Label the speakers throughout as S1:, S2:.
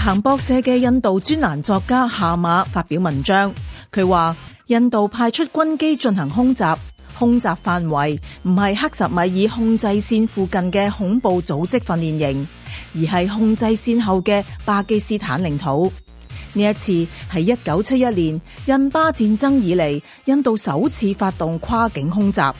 S1: 《彭博社》嘅印度專欄作家夏馬發表文章，佢話：印度派出軍機進行空襲，空襲範圍唔係克什米爾控制線附近嘅恐怖組織訓練營，而係控制線後嘅巴基斯坦領土。呢一次係一九七一年印巴戰爭以嚟，印度首次發動跨境空襲。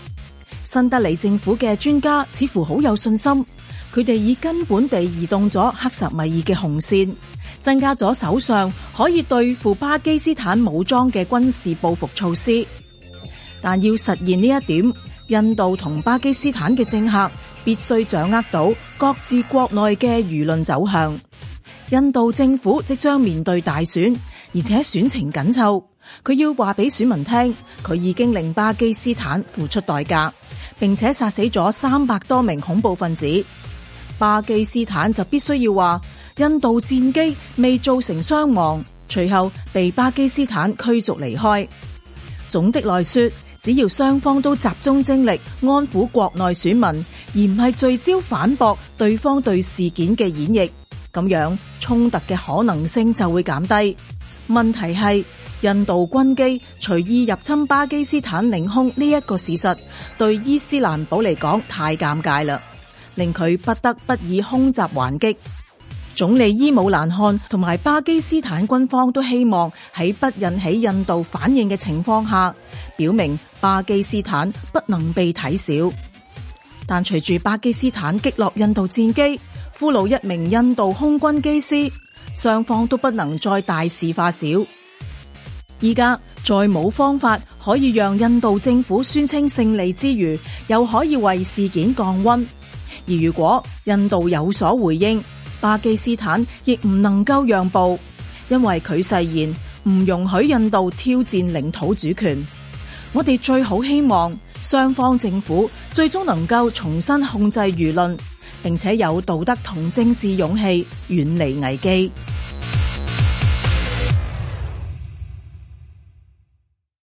S1: 新德里政府嘅專家似乎好有信心，佢哋已根本地移動咗克什米爾嘅紅線，增加咗手上可以對付巴基斯坦武裝嘅軍事報復措施。但要實現呢一點，印度同巴基斯坦嘅政客必須掌握到各自國內嘅輿論走向。印度政府即將面對大選，而且選情緊湊，佢要話俾選民聽，佢已經令巴基斯坦付出代價。並且殺死咗三百多名恐怖分子，巴基斯坦就必須要話印度戰機未造成傷亡，隨後被巴基斯坦驅逐離開。總的來說，只要雙方都集中精力安撫國內選民，而唔係聚焦反駁對方對事件嘅演繹，咁樣衝突嘅可能性就會減低。問題係。印度軍機隨意入侵巴基斯坦領空呢一個事實，對伊斯蘭堡嚟講太尷尬啦，令佢不得不以空襲還擊。總理伊姆蘭汗同埋巴基斯坦軍方都希望喺不引起印度反應嘅情況下，表明巴基斯坦不能被睇小。但隨住巴基斯坦擊落印度戰機，俘虜一名印度空軍機師，雙方都不能再大事化小。而家再冇方法可以讓印度政府宣稱勝利之餘，又可以為事件降温。而如果印度有所回應，巴基斯坦亦唔能夠讓步，因為佢誓言唔容許印度挑戰領土主權。我哋最好希望雙方政府最終能夠重新控制輿論，並且有道德同政治勇氣，遠離危機。